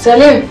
Salud.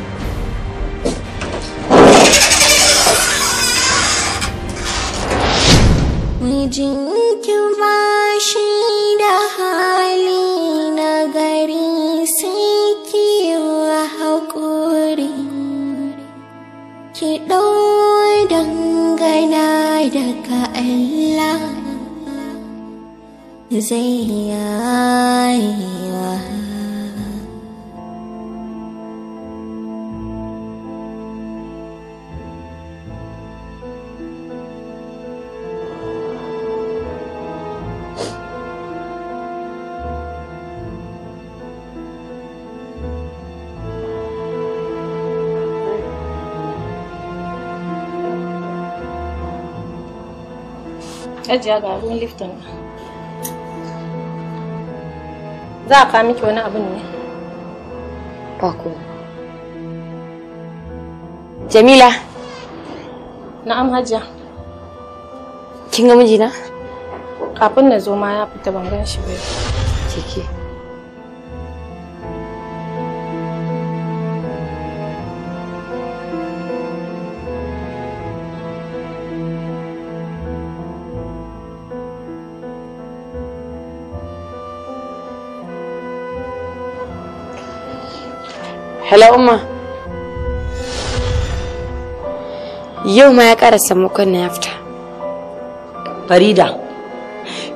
ajiya ga ruwan lifton za a kawo miki wani abin ne ba ko jamila na'am hajiya kin ga mijina kafin na zo ma ya fita ban gan shi ba ciki hello umma yau ma ya karasa sammakon na yafta farida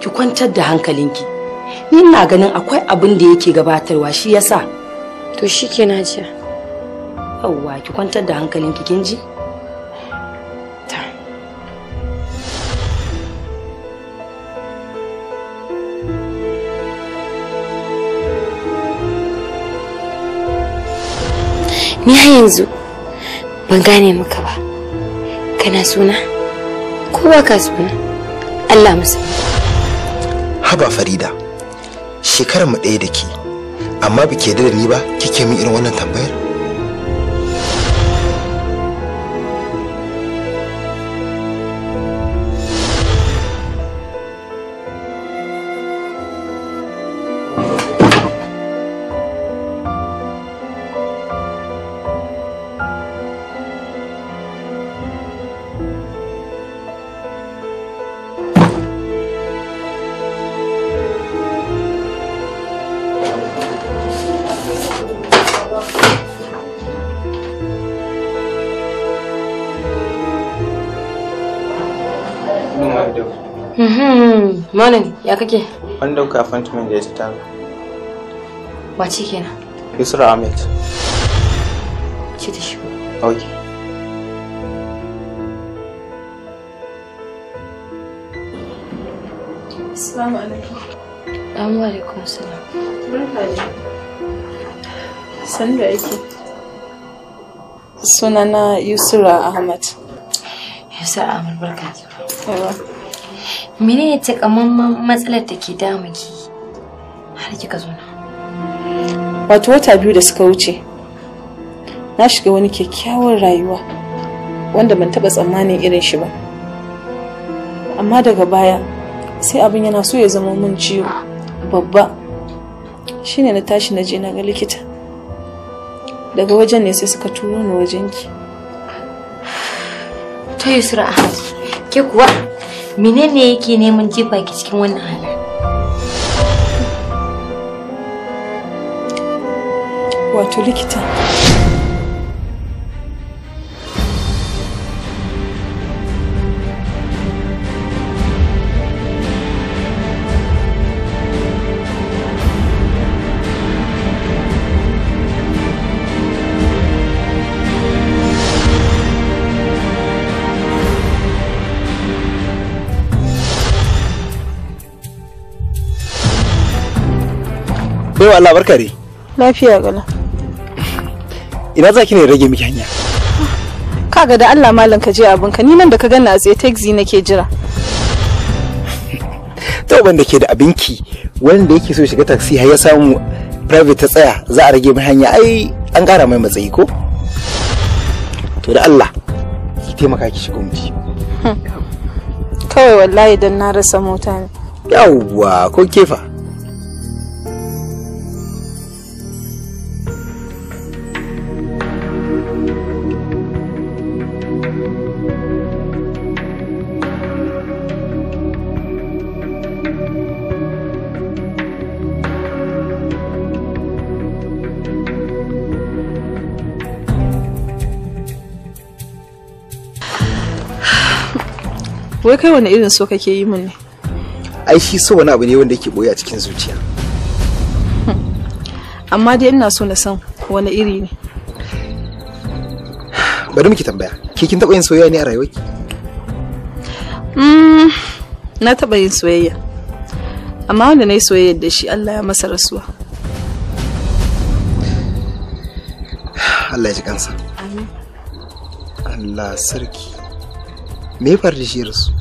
ki kwantar da hankalinki ni ina ganin akwai abin da yake gabatarwa shi yasa to shi ke na jiya yauwa ki kwantar da hankalinki kin ji ni har yanzu ban gane maka ba kana suna ko ba ka suna Allah musu haba farida shekarar mu ɗaya da ke amma ba ke da ni ba kike min irin wannan tambayar morning, ya kake? Wanda dauka appointment da ita ta. Wace kenan? Yusra Ahmed. Ce ta shigo. Okay. Assalamu alaikum. Assalamu alaikum salam. Barka da. Sanda yake. Sunana Yusra ahmed. Yusra Ahmed barka ki. Yawa. Mene ne takamaiman matsalar da ke damuki har kika zo na? Wato wata biyu da suka wuce, na shiga wani kyakkyawan rayuwa wanda ban taɓa tsammanin irin shi ba. Amma daga baya sai abin yana so ya zama mun ciwo babba shine na tashi na je na ga likita. Daga wajen ne sai suka turo ni wajenki. Ta yi sura ke kuwa menene yake neman jefa ki cikin wannan hali wato likita Baiwa Allah barka dai. Lafiya gala. Ina za ki ne rage miki hanya. Kaga da Allah malam ka je ka ni nan da ka ganna a tsaye taxi nake jira. To da ke da abinki wanda yake so shiga taxi har ya samu private ta tsaya za a rage mai hanya ai an kara mai matsayi ko? To da Allah ki taimaka ki shigo mutu. Kawai wallahi dan na rasa mota ne. Yawwa ko kefa. wai kai wani irin so kake yi mun ne ai shi so wani abu ne wanda yake boye a cikin zuciya amma dai ina so na san wani iri ne bari miki tambaya ke kin taɓa yin soyayya ne a rayuwarki mm, na taɓa yin soyayya amma wanda na yi soyayya da shi Allah ya masa rasuwa Allah ya ji kansa Allah sarki me farin shi rasu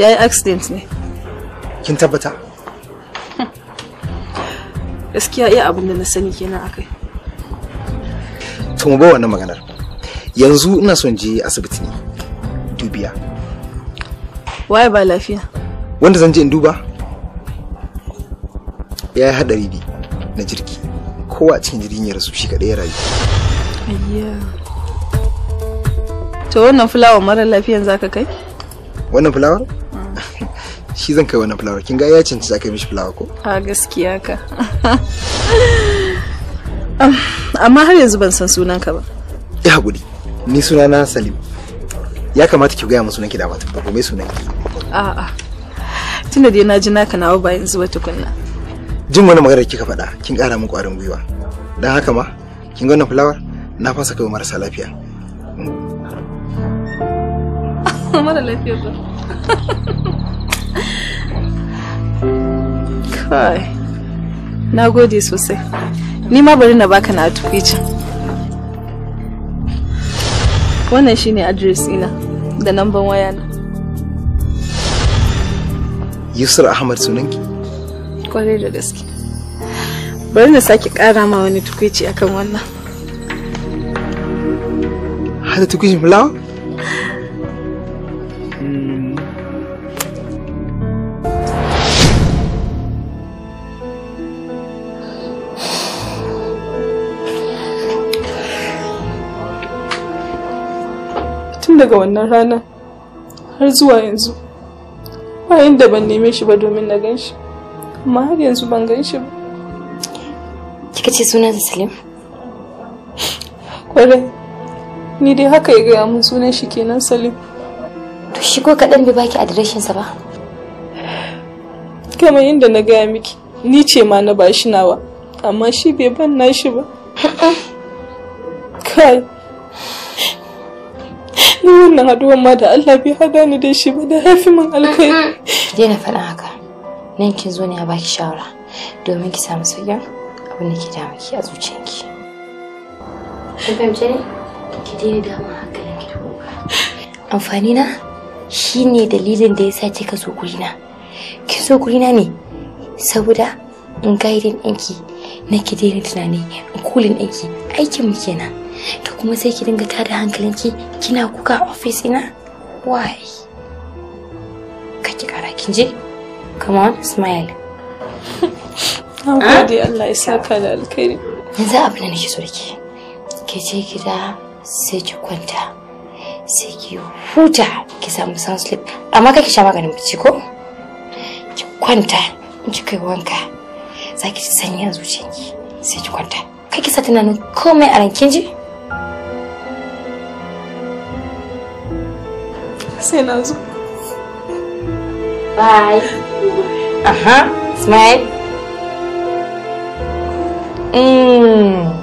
ya yi accident ne kin tabbata gaskiya iya abin da na sani kenan akai to mu ba wannan maganar yanzu ina son je asibiti ne dubiya waye ba lafiya wanda zan je in duba ya yi hadari ne na jirgi kowa cikin jirgin ya rasu shi kaɗai ya rayu to wannan fulawar mara lafiyan ka kai wannan fulawar shi zan kai wani fulawar kin ga ya cancanci aka mishi fulawa ko a gaskiya ka ah, amma har yanzu ban san sunanka ba ya haƙuri ni sunana salim ya kamata ki gaya sunan ki da mata ba me sunanki a'a tunda dai na ji naka nawa ba yanzu ba tukunna jin wani magana kika faɗa kin ƙara min ƙwarin gwiwa dan haka ma kin ga wannan fulawar na fasa kai marasa lafiya mara lafiya ba kai na gode sosai ni ma bari na baka na tukwicin wannan shine adres ina da namban waya na yusuf ahmad sunanki kwarai da gaske bari na sake kara ma wani tukwici akan wannan hada tukwicin fulawa daga wannan rana har zuwa yanzu ba inda ban neme shi ba domin na gan shi amma har yanzu ban gan shi ba kika ce sunan salim kwarai ni dai haka ya gaya mun sunan shi kenan salim to shi ko kaɗan bai baki adireshinsa ba kamar yadda na gaya miki ni ce ma na bashi nawa amma shi bai ban nashi ba kai ni wannan haduwan ma da Allah bai hada ni da shi ba da haifi min alkai ki daina faɗin haka nan kin zo ne a baki shawara domin ki samu sauƙin abin da ke damu ki a zuciyanki kin fahimce ni ki daina damun hankalin ki amfani na shine dalilin da yasa kika zo gurina kin zo gurina ne saboda in gaidin ɗanki na ki daina tunani in kulin ɗanki. aikin mu kenan to kuma sai ki dinga tada hankalinki kina kuka a office ina why ka ki kara kin je come on smile gode Allah ya saka da alkhairi yanzu abin da nake so dake ke je gida sai ki kwanta sai ki huta ki samu sun sleep amma kake sha maganin bacci ko ki kwanta ki kai wanka za ki ji sanyin zuciyarki sai ki kwanta kake sa tunanin komai a rankin ji sai na zo bye aha smile mm.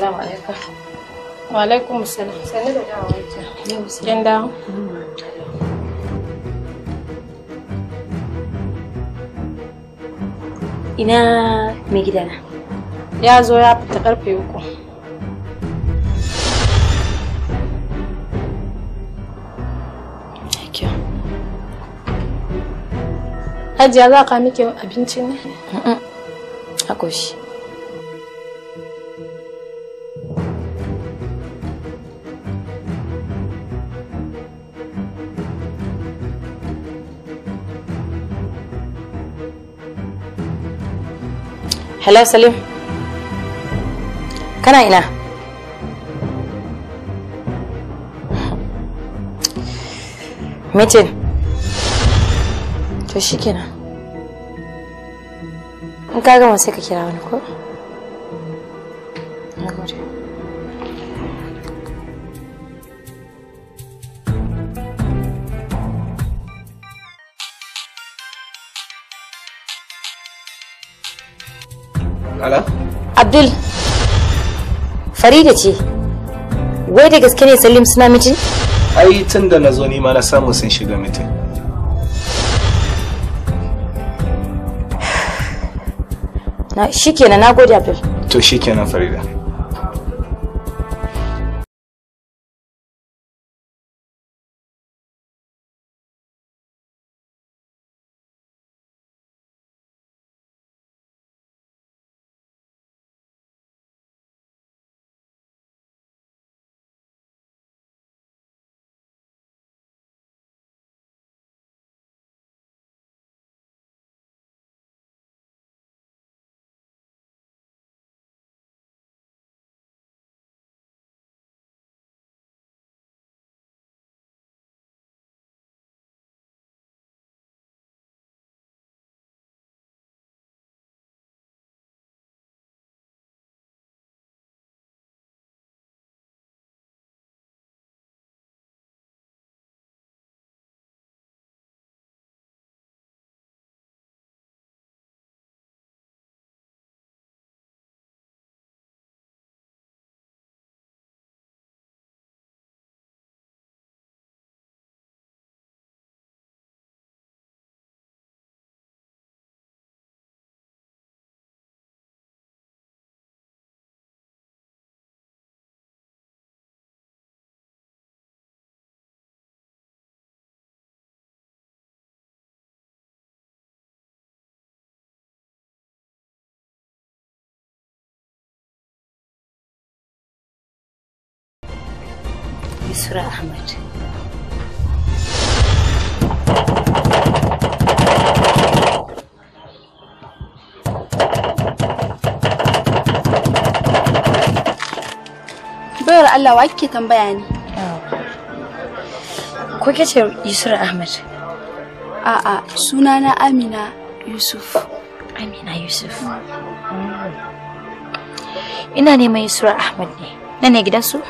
Assalamu alaikum. Wa alaikum salam. Ina mai gidana? Ya zo ya fita karfe uku. Hajiya za ka miki abinci ne? shi. hello salim kana ina mitin to shikenan in ka gama sai ka kira wani ko abdul farida ce wai da gaske ne salim suna mitin ai tun da na zo ni ma na samu sun shiga mitin shikenan na gode abdul to shikenan farida Mansura Ahmad. Bayar Allah wa kike tambaya ne? Ko kace Yusuf Ahmad? A'a, sunana Amina Yusuf. Amina Yusuf. Mm. Ina neman Yusuf Ahmad ne. Nan ne gidansu?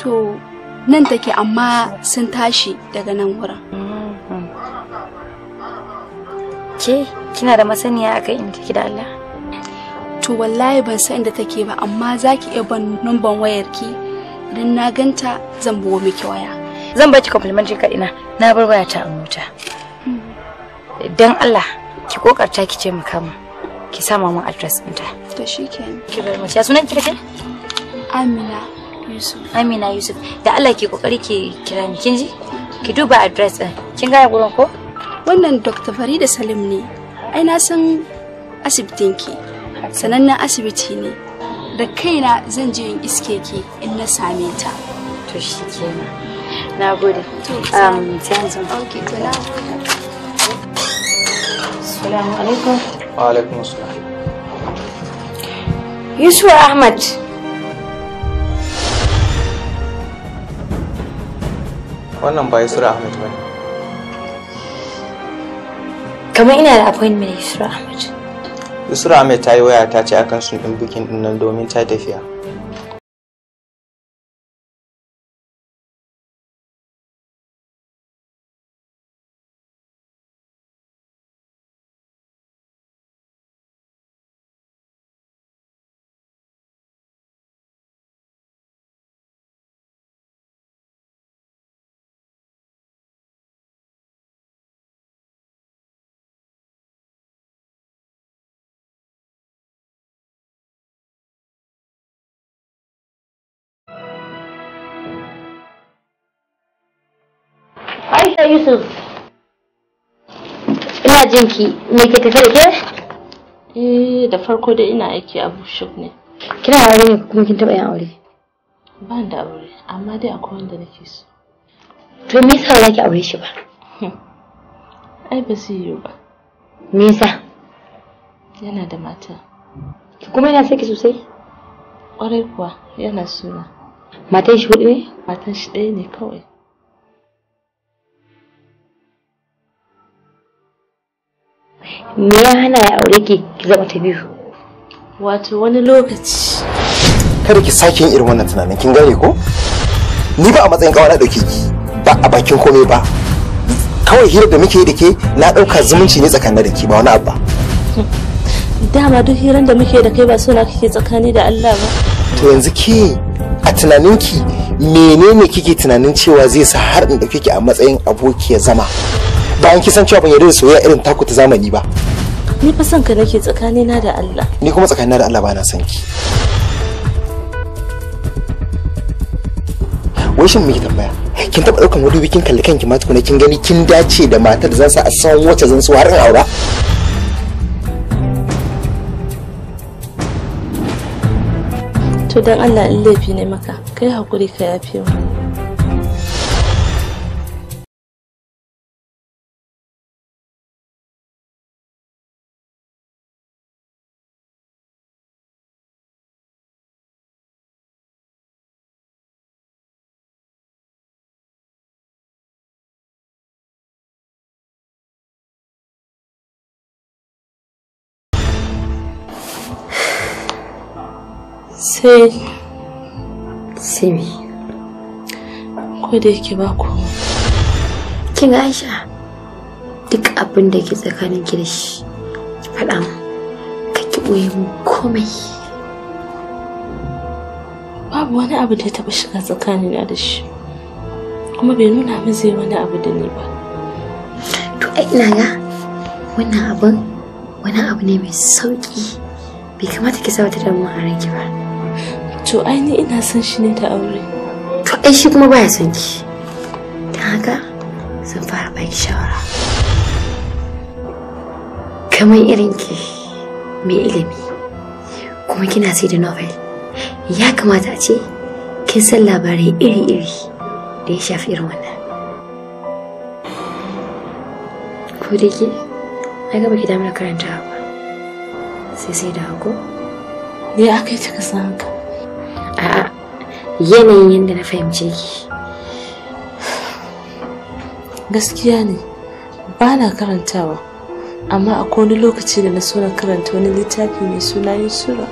To, nan take amma sun tashi daga nan wurin ke kina da masaniya akan in take da Allah to wallahi ban san inda take ba amma za ki iya ban numban wayarki idan na ganta zan buwo miki waya zan baki complimentary ka ina na bar wayata ta mota dan Allah ki kokarta ki ce mu kama ki sama mun address ɗinta shi ke. ki bar mace, ya sunan ki Amina Amina Yusuf. Da Allah ke kokari ke kira ni kin ji? Ki duba address din. Kin ga gurin ko? Wannan Dr. Farida Salim ne. Ai na san asibitin ki. Sanannen asibiti ne. Da kaina zan je in iske ki in na same ta. To shikenan. na gode um sai Okay to na Assalamu alaikum. Wa alaikum assalam. Yusuf Ahmad. wannan ba Yusra Ahmed bane kamar ina da appointment Yusra Ahmed Yusra Ahmed ta yi waya ta ce akan sun ɗin bukin ɗin nan domin ta tafiya ya Yusuf. Ina jin ki me ke tafe da ke? Eh da farko dai ina aiki a Bushuk ne. Kina aure ne kuma kin taɓa yin aure? Ba da aure amma dai akwai wanda nake so. To me yasa ba ki aure shi ba? Hmm. Ai ba zai yiwu ba. Me yasa? Yana da mata. Kuma yana saki sosai? kwarai kuwa yana suna. Matan shi hudu ne? Matan shi ɗaya ne kawai. me ya hana ya aure ki ki zama ta biyu wato wani lokaci kada ki sake yin irin wannan tunanin kin gane ko ni ba a matsayin kawai na ki ba a bakin komai ba kawai hira da muke da ke na ɗauka zumunci ne tsakanin da ke ba wani abu ba dama duk hiran da muke da kai ba suna kake tsakani da Allah ba to yanzu ke a tunaninki menene kike tunanin cewa zai sa har in dauke ki a matsayin abokiyar zama bayan san cewa ban yarda da soyayya irin taku ta zamani ba ni fa son ka nake tsakanina da Allah ni kuma tsakanina da Allah ba na son ki wai shin me tambaya kin taba daukan wani bikin kalli kanki ma tukuna kin gani kin dace da matar da zan sa a san wacce zan so har in aura to dan Allah in laifi ne maka kai hakuri ka yafe mu sai simi ko da yake ba ku kin aisha duk abin da ke tsakanin ki da shi ki faɗa mu ka ki ɓoye komai babu wani abu da ya taɓa shiga tsakanin da shi kuma bai nuna min zai wani abu da ni ba to ai ina ga wannan abin wani abu ne mai sauƙi bai kamata ki sa ta damuwa a ranki ba To ai ni ina son shi ne da aure. To ai shi kuma baya son ki. Dan haka sun fara baki shawara. Kamar irin ki mai ilimi kuma kina sai da novel. Ya kamata a ce kin san labarai iri-iri da ya shafi irin wannan. Ko da ke, na gaba ki damar karanta ba. Sai sai da hako. Ne aka yi ta a yanayin yadda na fahimce ki gaskiya ne ba na karantawa amma a wani lokaci da na so na karanta wani littafi mai suna yusura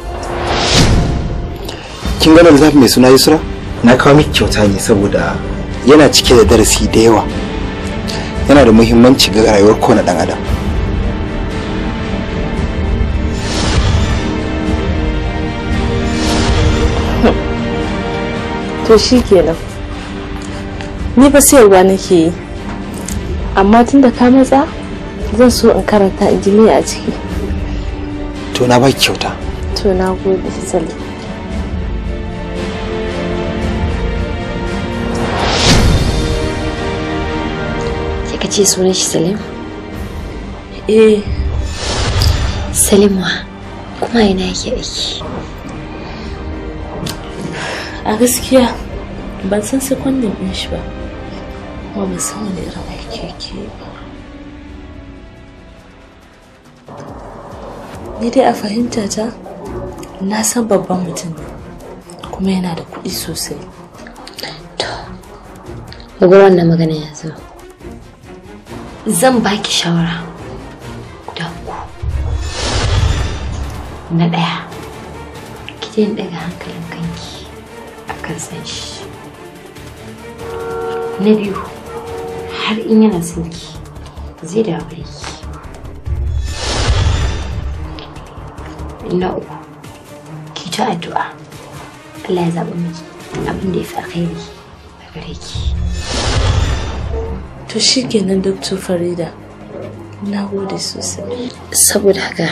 kin gano littafi mai suna yusura na kawo miki kyauta ne saboda yana cike da darasi da yawa yana da muhimmanci ga rayuwar kowane dan adam to shi kenan ni ba sayarwa nake yi amma tun da ka matsa zan so in karanta in a ciki to na baki kyauta to na gode salim ka ce sunan shi salim eh salimwa kuma ina yake aiki a gaskiya ban san sekondin din shi ba kuma ban san wani irin aiki ke ba ni dai a fahimta ta na san babban mutum ne kuma yana da kuɗi sosai to ga wannan magana yanzu zan baki shawara da ku na ɗaya ki daga hankalin kanki kan san shi na biyu har in yana son ki zai da aure na uku ki ta addu'a Allah ya zaɓi miki abin da ya fi alkhairi a gare ki to kenan Dr. Farida na gode sosai saboda haka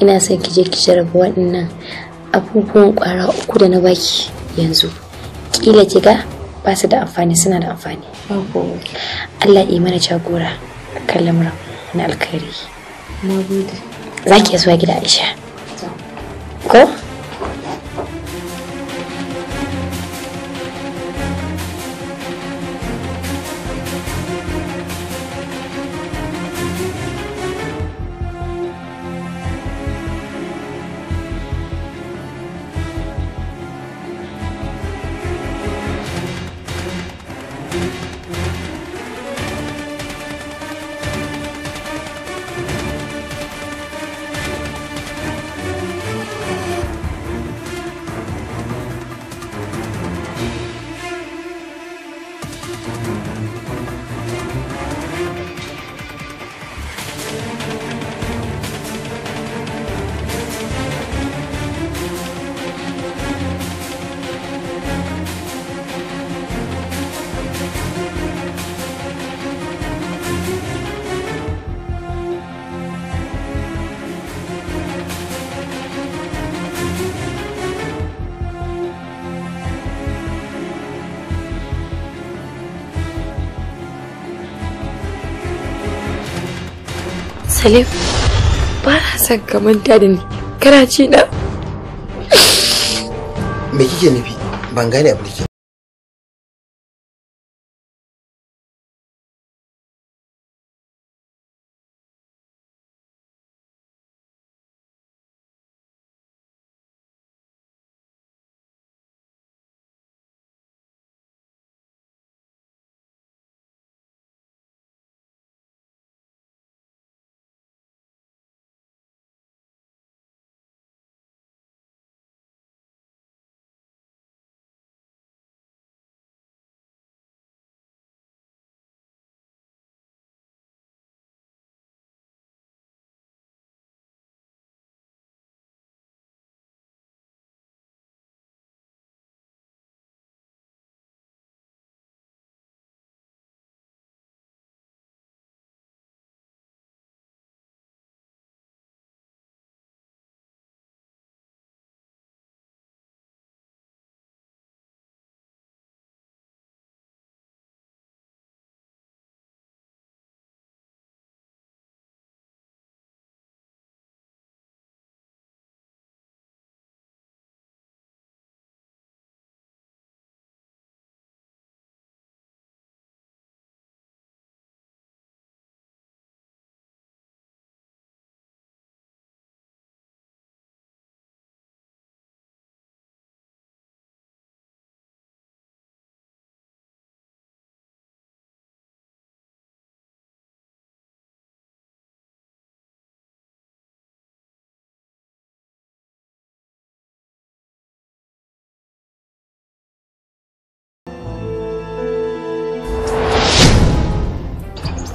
ina son ki je ki jarraba waɗannan abubuwan ƙwara uku da na baki yanzu kila ki ga ba su da amfani suna da amfani Allah yi mana jagora kan lamuran na alkhairi za ki zuwa gida Aisha ko Salim, ba na son ka manta da ni. Kana ci na? Me kike nufi? Ban gane abu da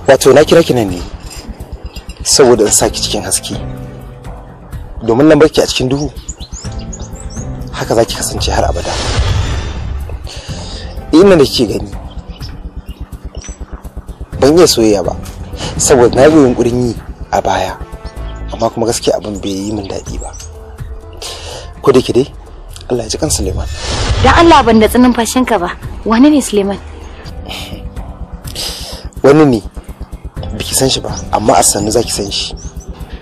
wato na kira ki nan ne saboda in saki cikin haske domin nan barki a cikin duhu haka za ki kasance har abada ina da ke gani ban iya soyayya ba saboda na yi yunkurin yi a baya amma kuma gaskiya abin bai yi min daɗi ba ko da ke dai Allah ya ji kan Suleiman dan Allah ban da tsinin fashinka ba wani ne Suleiman wani ne biki san shi ba amma a sannu zaki san shi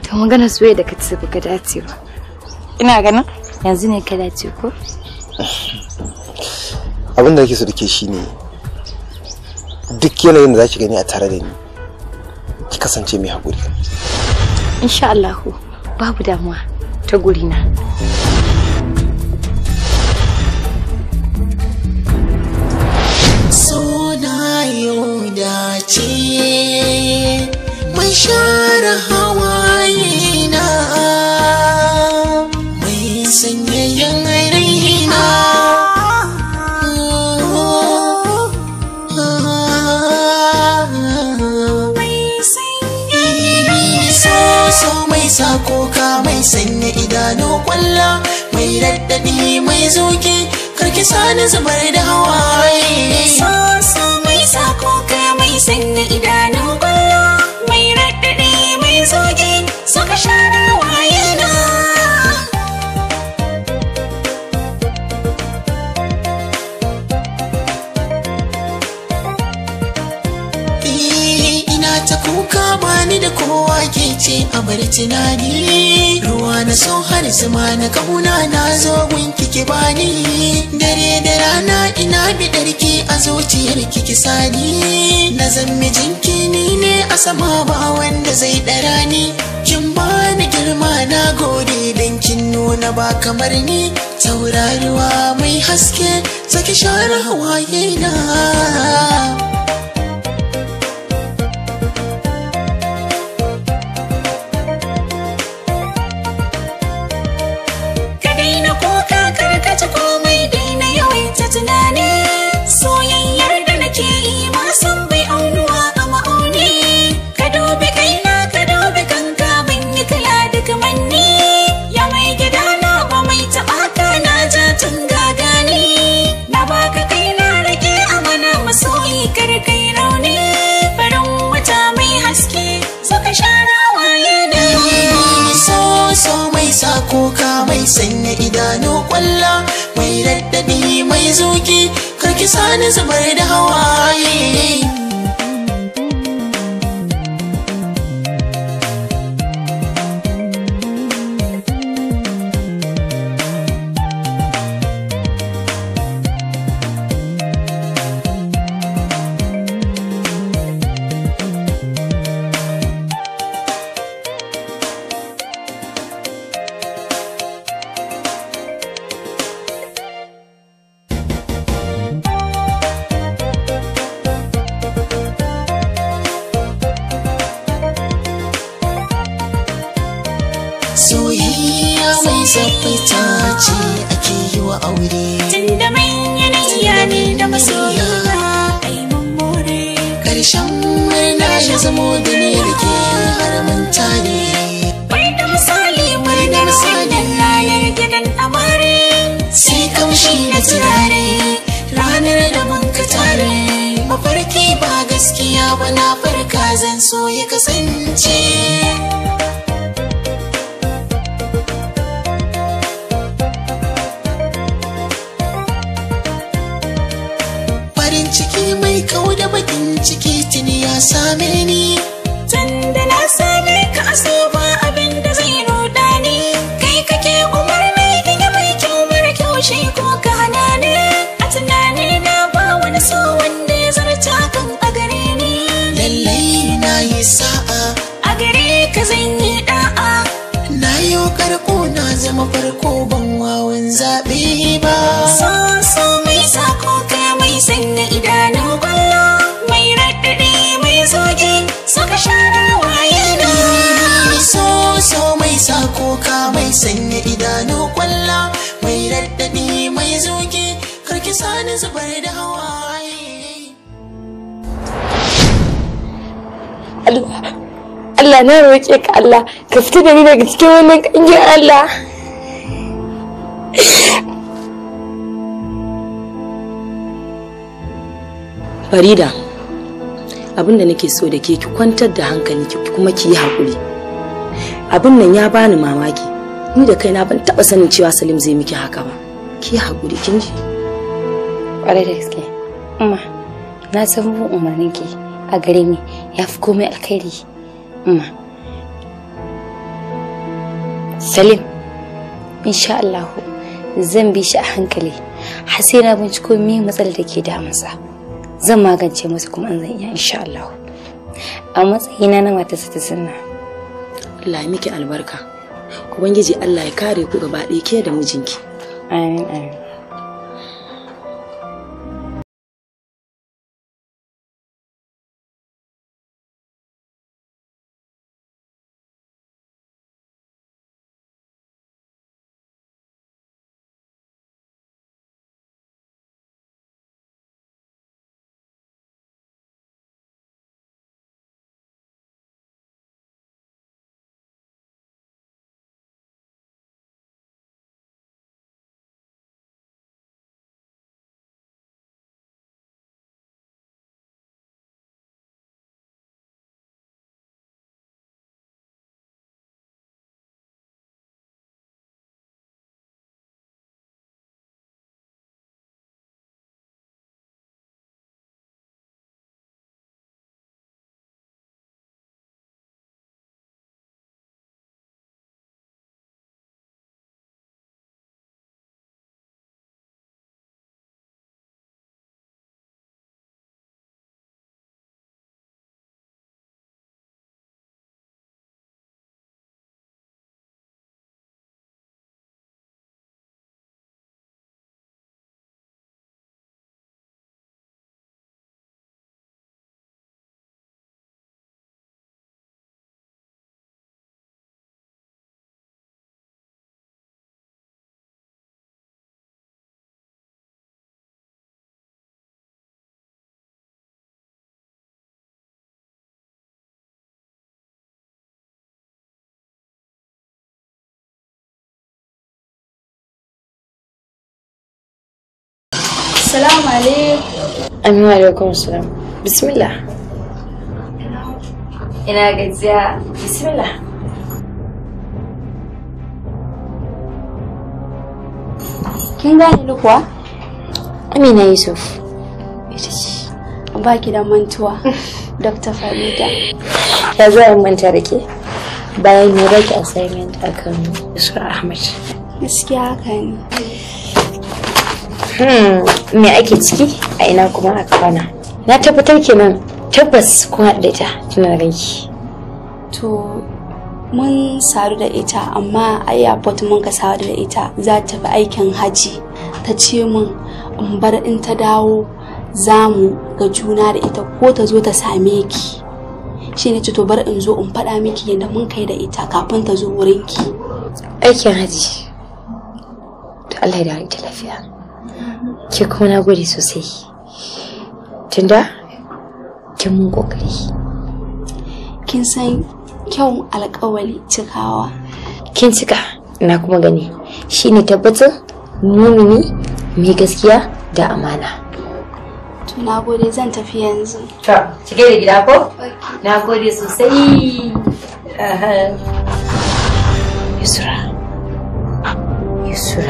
to magana soyayya da ka baka dace ba ina ganin yanzu ne ka dace ko abin da kake so dake shine duk yanayin da zaki gani a tare da ni ki kasance mai haƙuri insha Allah babu damuwa ta gurina. na ce mai share hawaye na mai sanyayen raina so mai sako ka mai sanya idanu kwalla mai raddadi mai zuki karki sani zubar da hawaye mai sako. sanya idanun kwallo mai raɗaɗi mai zoge suka share wayana ina ta kuka bani da kowa ke ce a bar tunani zuma na kauna na zo ki, ki bani dare da rana ina bidarki a zuciyar ki sani na zan mijinki ni ne a sama ba wanda zai dara ni kin bani girma na gode dan kin nuna ba kamar ni tauraruwa mai haske saki share hawaye na kwalla mai raddadi mai zuki karki sani zubar da hawaye soyayya mai ta ce ake yi wa aure tunda manyan iya ne da masoya ai mummure karshen murna ya zamo da ni ke har ne. bai da misali da misali layar gidan amare sai kamshi da turare ranar da mun ka tare mafarki ba gaskiya ba na farka zan so ya kasance kau da bakin ciki tuni ya same ni Tanda na same ka a ba abin da zai nuna ni Kai kake umar mai gina mai kyau mara kyau shi ko ka hana ni A tunani na ba wani so wanda ya zarta kan a gare ni Lallai na yi sa'a A gare ka zan yi da'a Na yi karko na zama farko ban wawan zaɓe ba So so mai sako ka sanya idanun kwallo mai raɗaɗi mai zoge suka shara wayana so so mai sa kuka mai sanya idanun kwallo mai raɗaɗi mai zoge karki sani zubar da hawa. Allah Allah na roƙe ka Allah ka fita da ni daga cikin wannan ƙangin Allah farida abin da nake so da ke ki kwantar da hankali ki kuma ki yi haƙuri abin nan ya bani mamaki ni da kaina ban taba sanin cewa salim zai miki haka ba ki yi haƙuri kin ji ƙwarai da gaske amma na san umarnin ki a gare ni ya fi komai alkhairi amma salim insha Allah zan bi shi a hankali har sai na binciko me matsalar da ke damunsa. zan magance musu kuma an zan iya insha Allah a matsayina na mata ta sunna Allah ya miki albarka ubangiji Allah ya kare ku gaba ɗaya ke da mijinki amin amin Assalamu alaikum. Aminu wa salam. Bismillah. Ina gajiya. Bismillah. Kin gane ni kuwa? Amina Yusuf. Ita ce. Ba ki da mantuwa. Dr. Farida. Ya zo in manta da ke. Bayan ne baki assignment akan Yusuf Ahmad. Gaskiya haka ne. Hmm, me ake ciki a ina kuma a kwana na tabbatar kenan tabbas kun haɗu da ita ranki to mun sadu da ita amma a airport mun ka sadu da ita za ta fi aikin haji ta ce mun in bar in ta dawo za mu ga juna da ita ko ta zo ta same ki shi ne to bar in zo in faɗa miki yadda mun kai da ita kafin ta zo wurinki aikin haji to Allah ya da lafiya Ki kuma na gode sosai. Tunda kin mun kokari. Kin san kyau alƙawari cikawa. Kin cika na kuma gani shine tabbatar mumini mai gaskiya da amana. To na gode zan tafi yanzu. To, cike da gida ko? Na gode sosai. Yusra. Yusra.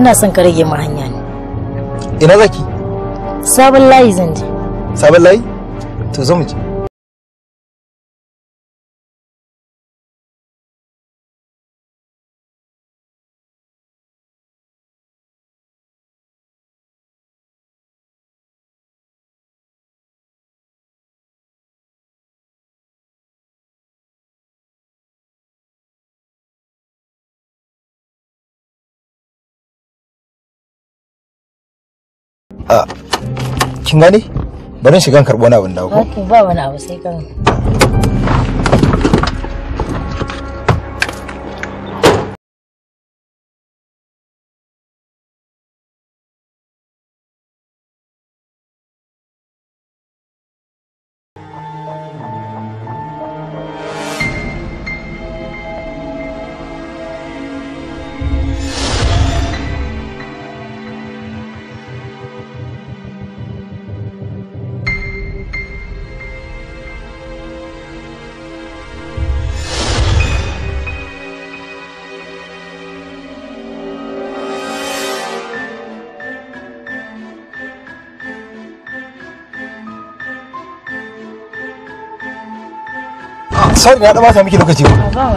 ina son ka rage mu hanya ne ina zaki sabon layi zan je sabon layi to zo mu je a kin gane bari shigan karɓo na abin da ko ba wani abu sai kan sorry na ɗaba sa miki lokaci ba ah,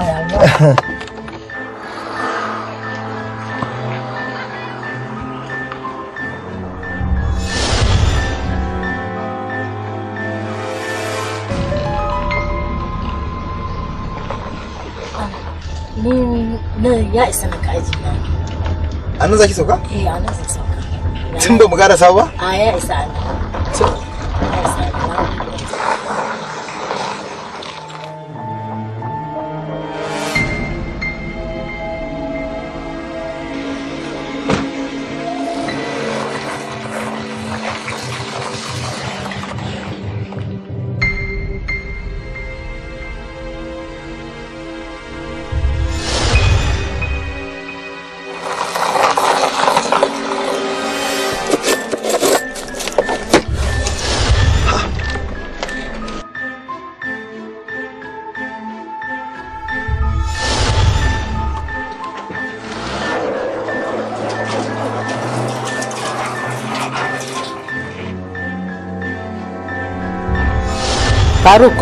ya isa na kaji na. A nan za ki sauka? Eh, a nan za sauka. Tun ba mu gara sawa ba? Ah, a ya isa a nan. faruk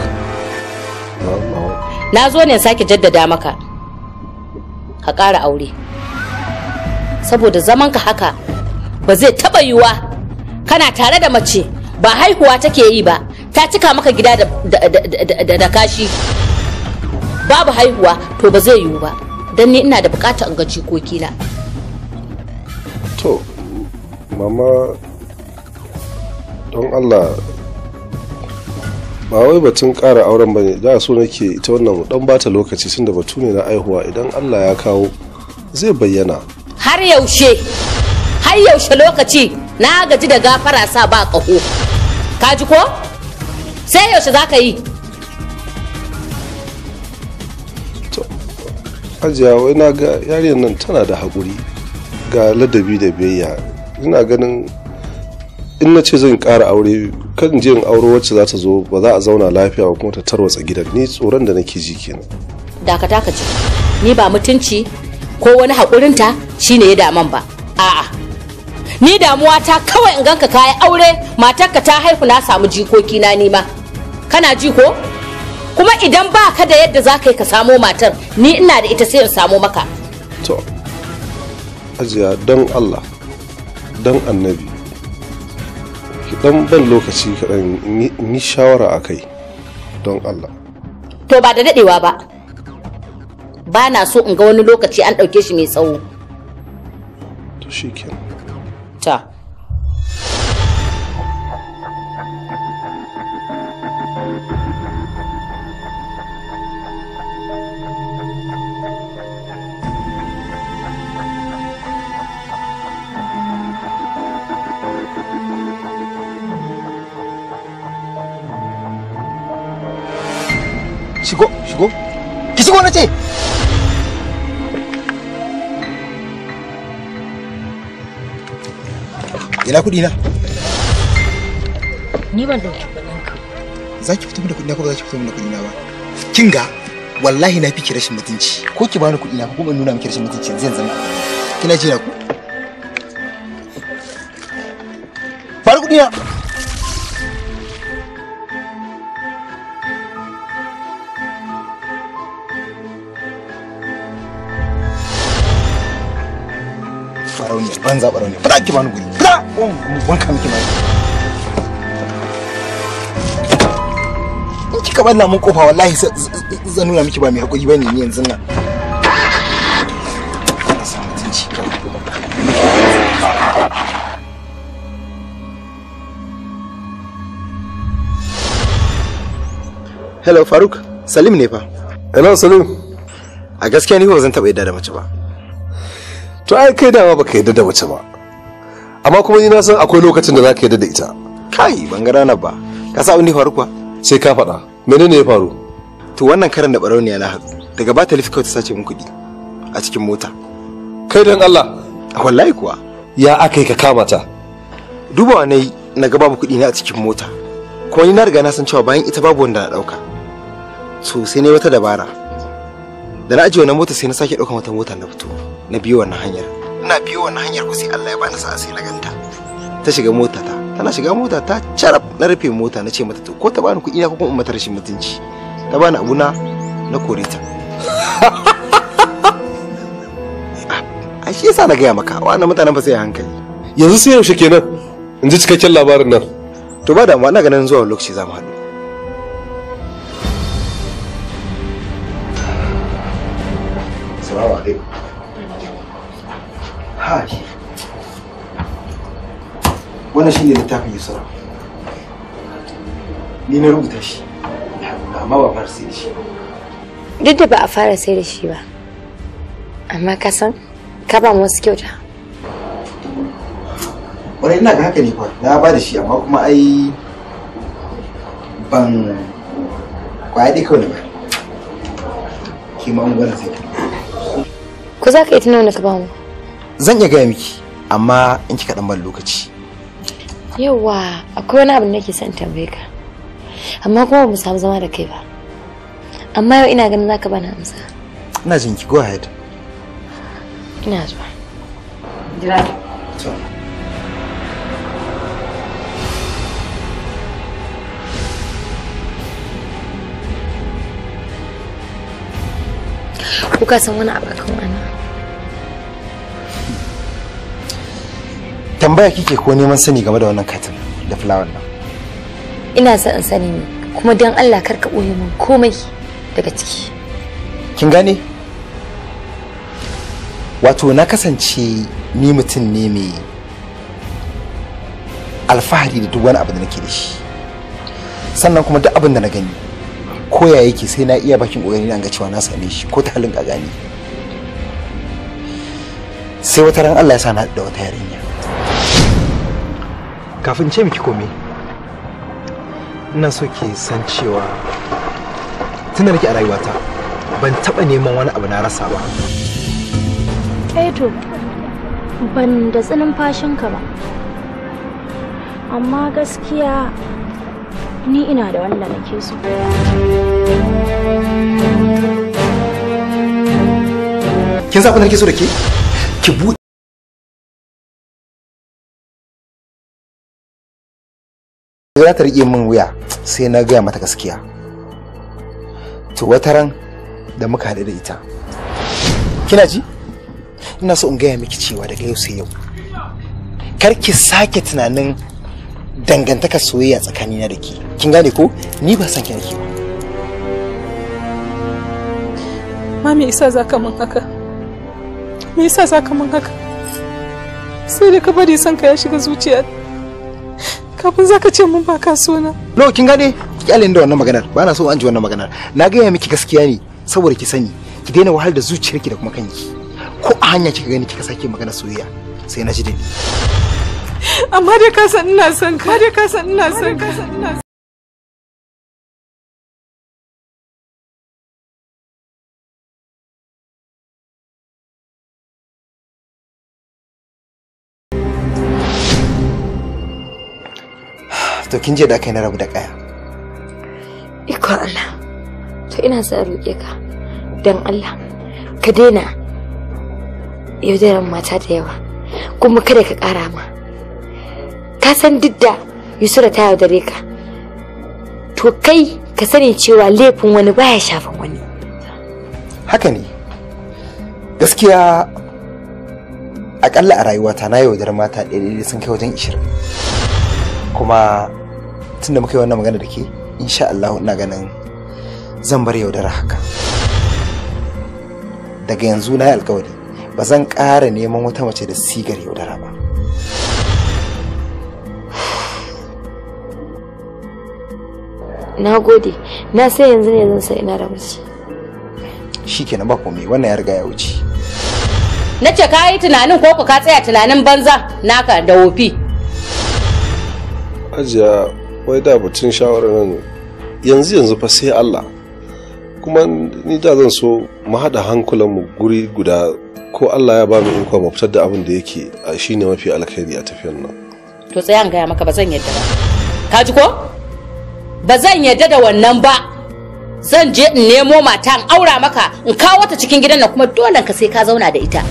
na zo ne sake jaddada maka ka ƙara aure saboda zaman ka haka ba zai taɓa yiwuwa kana tare da mace ba haihuwa take yi ba ta cika maka gida da kashi babu haihuwa to ba zai yiwu ba don ni ina da bukatar in ga jikokina to mama don allah ba wai batun ƙara auren bane da so nake ita wannan mu dan bata lokaci da batu ne na aihuwa idan Allah ya kawo zai bayyana har yaushe har yaushe lokaci na gaji da gafara sa ba ƙaho ka ji ko sai yaushe za ka yi ajiya wai na ga yariyar nan tana da haƙuri ga ladabi da biyayya ina ganin in na ce zan ƙara aure kan je in auro wacce za ta zo ba za a zauna lafiya ba kuma ta tarwatsa gidan ni tsoron da nake ji kenan dakata ka ce ni ba mutunci ko wani haƙurinta shine ya daman ba a'a ni damuwa ta kawai in ganka kayi aure matarka ta haihu na samu jikoki na nima kana ji ko kuma idan ba ka da yadda za ka yi ka samo matar ni ina da ita sai in samo maka to ajiya don allah don annabi don ban lokaci kaɗan ni shawara a kai don allah to ba da daɗewa ba ba na so in ga wani lokaci an ɗauke shi mai tsawo to shi shigo shigo ki shigo na ce ina na ni ban ɗauki kuɗin ka fito da na ko ba za ki fito da kuɗi na ba kin ga wallahi na fi ki rashin mutunci ko ki bani kuɗi na ko ban nuna miki rashin mutunci yanzu kina jira ku ban zaɓa rauni fada ki bani guri fada fita wanka miki mai in kika balla mun kofa wallahi zan nuna miki ba mai hakuri bane ni yanzu nan Hello Faruk, Salim ne fa. Hello Salim. A gaskiya ni ba zan taɓa yadda da mace ba. to ai kai dama baka yadda da wace ba amma kuma ni na san akwai lokacin da zaka yadda da ita kai ban ga ranar ba ka sa ni faru kuwa sai ka faɗa menene ya faru to wannan karan da barauniya na haɗu daga ba ta lifi ta sace min kuɗi a cikin mota kai dan Allah wallahi kuwa ya aka ka kama ta duba na yi na ga babu kuɗi ne a cikin mota kuma ni na riga na san cewa bayan ita babu wanda na ɗauka to sai ne wata dabara da na ajiye wannan mota sai na sake ɗaukar wata mota na fito na biyo wannan hanyar ina biyo wannan hanyar ko sai Allah ya bani sa'a sai na ganta ta shiga mota ta tana shiga mota ta carab na rufe mota na ce mata to ko ta bani kuɗi na ko kuma mata rashin mutunci ta bani abuna na kore ta a shi yasa na gaya maka wannan mutanen ba sai hankali yanzu sai yaushe kenan in ji cikakken labarin nan to ba damuwa ina ganin zuwa lokaci za mu haɗu Assalamu alaikum. Haji. Wannan shine littafin Yusuf. Ni na rubuta shi. Amma ba fara sai da shi. Duk da ba a fara sai da shi ba. Amma ka san ka ba mu wasu kyauta. Wani ina ga haka ne fa na ba da shi amma kuma ai ban kwaya dai kawai ba. Kima ma ungwana sai ko za ka yi tunanin ka ba mu zan iya gaya miki amma in kika dan lokaci yawa akwai wani abu da nake son tambaye ka amma kuma mu samu zama da kai ba amma yau ina ganin zaka bani amsa ina jin ki go ahead ina zuwa jira to kuka ka san wani abu kan ana tambaya kike ko neman sani game da wannan katin da fulawar nan ina son in sani ne kuma don Allah kar ka ɓoye min komai daga ciki kin gane wato na kasance ni mutum ne mai alfahari da duk wani abu da nake da shi sannan kuma duk abin da na gani koya yake sai na iya bakin ƙoƙari na ga cewa na same shi ko ta halin gani sai wata ran Allah ya sa na da wata yarinya kafin ce miki komai ina so ki san cewa tun da nake a rayuwata ban taɓa neman wani abu na rasa ba eh to ban da tsinin fashinka ba amma gaskiya ni ina da wanda nake so kin zaɓi nake so da ke ki bu za ta riƙe min wuya sai na gaya mata gaskiya to wataran da muka haɗu da ita kina ji ina so in gaya miki cewa daga yau sai yau kar ki sake tunanin dangantaka soyayya tsakanina da ke kin gane ko ni ba san ki nake ba ma me za zaka min haka me yasa zaka min haka sai da ka bari sanka ka ya shiga zuciya kafin zaka ce mun ba ka so na no kin gane kyalen da wannan maganar ba na so an ji wannan maganar na gaya miki gaskiya ne saboda ki sani ki daina wahal da zuciyarki da kuma kanki ko a hanya kika gani kika sake magana soyayya sai na ji dani amma dai ka san ina son ka dai ka san ina son ka to kin je da kai na rabu da kaya iko Allah to ina sa roƙe ka dan Allah ka daina yaudaran mata da yawa kuma kada ka ƙara ma ka san duk da yusura ta yaudare ka to kai ka sani cewa laifin wani baya shafan wani haka ne gaskiya akalla a rayuwata na yaudar mata ɗaya sun kai wajen ishirin kuma tunda muka yi wannan magana da ke insha Allah ina ganin zan bar yaudara haka daga yanzu na yi alkawari ba zan ƙara neman wata mace da sigar yaudara ba na gode na sai yanzu ne zan sai ina da miji kenan ba komai wannan ya riga ya wuce na ce ka yi tunanin ko ka tsaya tunanin banza naka da wofi ajiya wai da batun shawarar nan yanzu yanzu fa sai Allah kuma ni da zan so mu haɗa hankulanmu guri guda ko Allah ya ba mu iko mu fitar da abin da yake shine mafi alkhairi a tafiyar nan to tsayan gaya maka ba zan yadda ba ka ji ko ba zan yarda da wannan ba zan je in nemo mata in aura maka in kawo ta cikin gidan nan kuma dole ka sai ka zauna da ita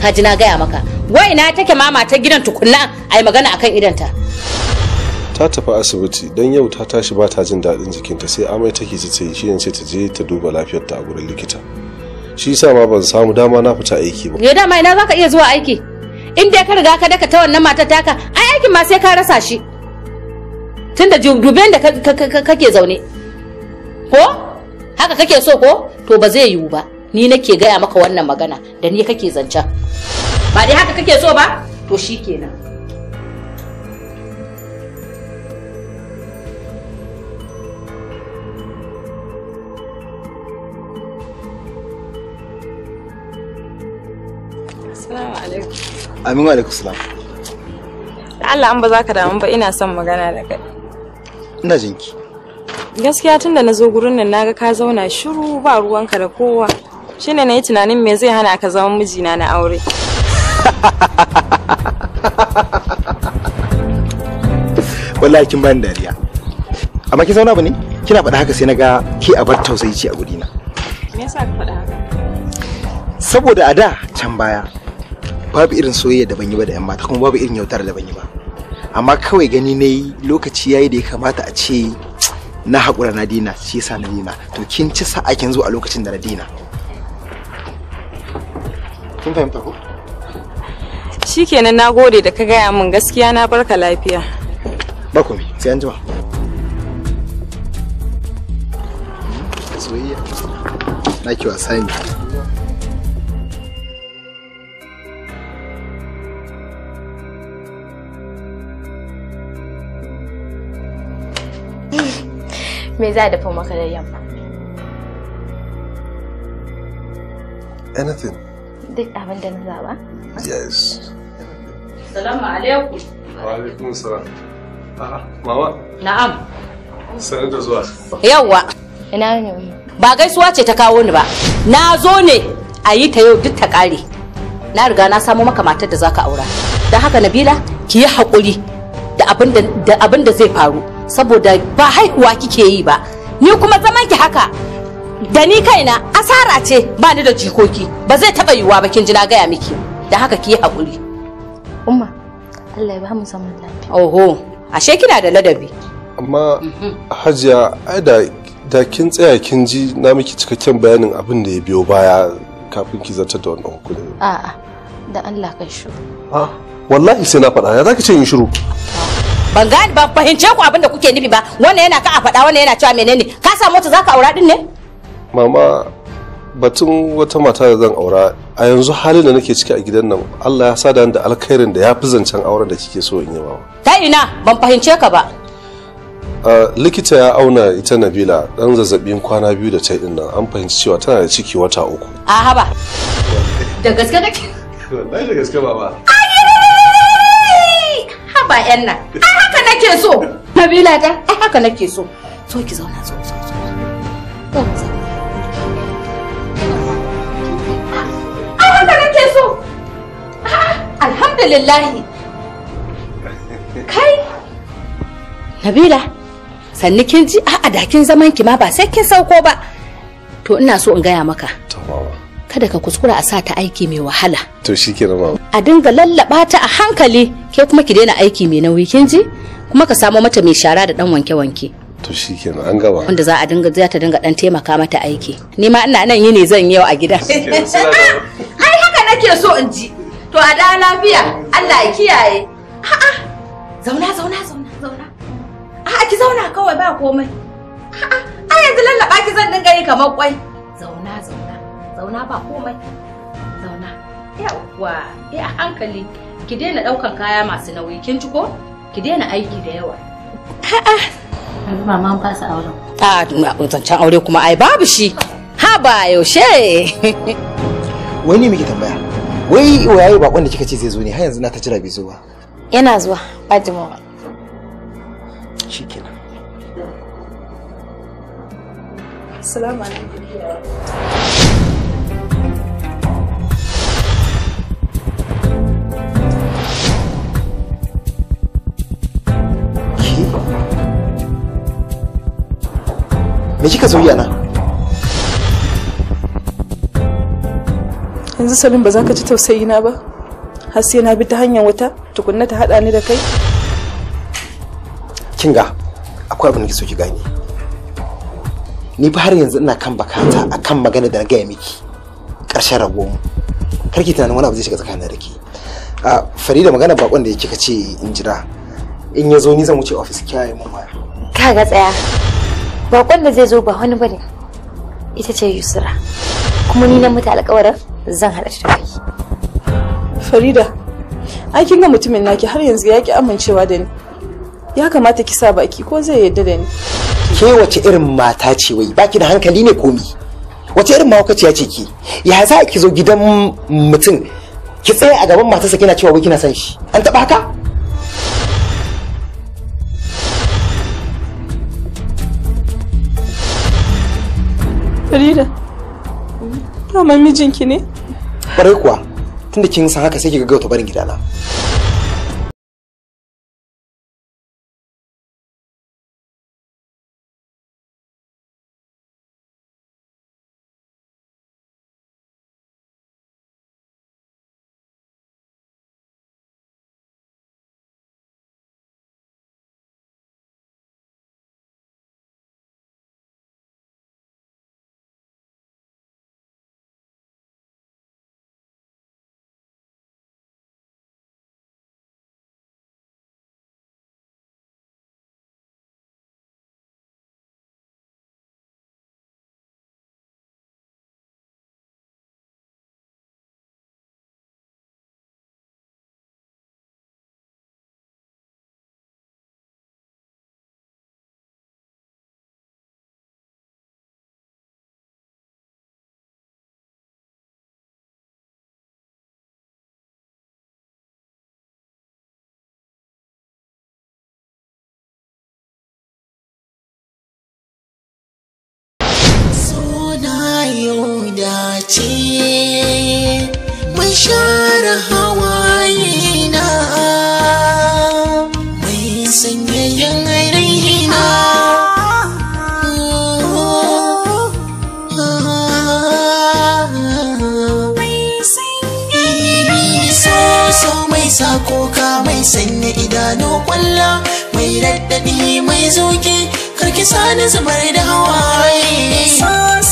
ka ji na gaya maka wai na take ma matar gidan tukunna ai magana akan idan ta tafi asibiti dan yau ta tashi ba ta jin daɗin jikinta sai amai take ji ta shi ta je ta duba lafiyar ta a gurin likita shi sa ma ban samu dama na fita aiki ba ya dama ina zaka iya zuwa aiki in dai ka riga ka daka ta wannan matar taka ai aikin ma sai ka rasa shi tunda duben da kake zaune ko haka kake so ko to ba zai yiwu ba ni nake gaya maka wannan magana da ni kake zancen ba dai haka kake so ba to shikenan Amin wa alaikum salam. Allah an ba za ka damu ba ina son magana da kai. ina jinki gaskiya tun da na zo gurin nan naga ka zauna shiru ba ruwanka da kowa shine na yi tunanin me zai hana ka zama mijina na aure wallahi kin bani dariya amma ki zauna ba ne kina faɗa haka sai na ga ki a bar tausayi a gudina me yasa ka faɗa haka saboda a da can baya babu irin soyayya da ban yi ba da yan mata kuma babu irin yautar da ban yi ba amma kawai gani ne lokaci ya yi da ya kamata a ce na haƙura na dina shi yasa na dina to kin ci sa'a kin zo a lokacin da na dina kin fahimta ko shikenan na gode da ka gaya min gaskiya na barka lafiya ba komai sai an jima hmm, soyayya na ki wasa ne me za a dafa maka da yamma anything duk abin da na zaba yes salamu alaikum wa alaikum salam mama na'am sanar da zuwa yawwa ina ne ba gaisuwa ce ta kawo ni ba na zo ne a yi ta yau duk ta kare na riga na samo maka matar da zaka aura don haka nabila ki yi haƙuri da abin da zai faru saboda ba haihuwa kike yi ba ni kuma zaman ki haka da ni kaina asara ce ba ni da jikoki ba zai taba yiwuwa ba kin ji na gaya miki da haka ki yi hakuri. umma Allah ya ba mu zaman lafiya oho ashe kina da ladabi amma mhm. hajiya ai da da kin tsaya kin ji na miki cikakken bayanin abin da ya biyo baya kafin ki zartar da wannan hukumi a'a da Allah kai shiru a ah, wallahi sai na faɗa ya zaka ce in shiru ah. ban gane ban fahimce ku abin da kuke nufi ba wannan yana ka a faɗa wannan yana cewa menene ka sa mota zaka aura din ne mama batun wata mata da zan aura a yanzu halin da nake ciki a gidan nan Allah ya sada da alkhairin da ya fi zancen auren da kike so in yi mama ta ina ban fahimce ka ba likita ya auna ita nabila dan zazzabin kwana biyu da ta yi nan an fahimci cewa tana da ciki wata uku a haba da gaske kake wallahi da gaske baba ba yan nan ai haka nake so nabila ta ai haka nake so so ki zauna zo zo zo ai haka nake so ah, alhamdulillah kai nabila sanni kin ji a'a da kin zaman ki ma ba sai kin sauko ba to ina so in gaya maka to kada ka kuskura a sa ta aiki mai wahala to shikenan mama a dinga lallaba ta a hankali ke kuma ki daina aiki mai nauyi kin ji kuma ka samo mata mai shara da dan wanke-wanke to shikenan an gaba wanda za a dinga za ta dinga dan taimaka mata aiki ni ma ina nan yi ne zan yau a gida ai haka nake so in ji to a da lafiya Allah ya kiyaye a'a zauna zauna zauna zauna a'a ki zauna kawai ba komai a'a ai yanzu lallaba ki zan dinga yi kamar kwai zauna ba komai zauna yawwa ya eh, a hankali ki daina ɗaukan kaya masu nauyi kin ci ko ki daina aiki da yawa a'a yanzu mama an fasa auren a zancen aure kuma ai babu shi ha ba yaushe wai ne muke tambaya wai waye bakon da kika ce zai zo ne har yanzu na ta jira bai zo ba yana zuwa ba jimawa shikenan Assalamu alaikum. ke me kika ya na yanzu salim ba za ka ci tausayi na ba har sai na bi ta hanyar wata tukunna ta hada ni da kai kinga akwai abin da so ki gane ni fa har yanzu ina kan bakata akan magana da na gaya miki karshen rago mu karki tunanin wani abu zai shiga tsakanin da ke ah, farida magana bakon da yake kika ce in jira in ya zo ni zan wuce ofis kiyaye mun waya kaga tsaya bakon da zai zo ba wani bane ita ce yusra kuma ni na mutu alƙawarin zan haɗa ta kai farida ai kin ga mutumin naki har yanzu ya ki amincewa da ni ya kamata ki sa baki ko zai yadda da ni ke wace irin mata ce wai baki da hankali ne komi wace irin mahaukaciya ce ki ya za ki zo gidan mutum ki tsaya a gaban matarsa kina cewa wai kina san shi an taba haka Farida, dama mijinki ne? Barai kuwa, tunda kin san haka sai ki gaggauta barin gidana. Allah mai raddadi mai zoke karki sani zubar da hawaye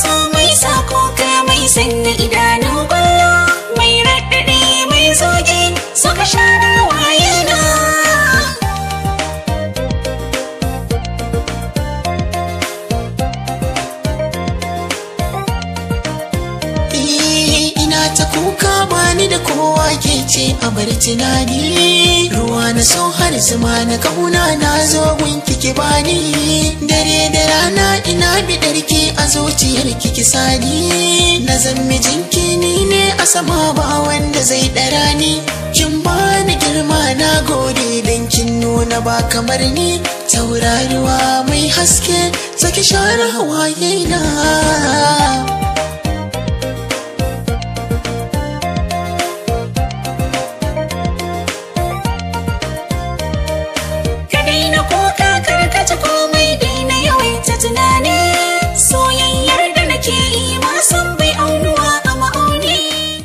so mai sako ka mai sanya idanu ce a bar tunani ruwa na so har zuma na kauna na zo gunki ki bani dare da rana ina bidarki a zuciyar ki sani na zan mijinki ni ne a sama ba wanda zai dara ni kin bani girma na gode dan kin nuna ba kamar ni tauraruwa mai haske saki share hawaye na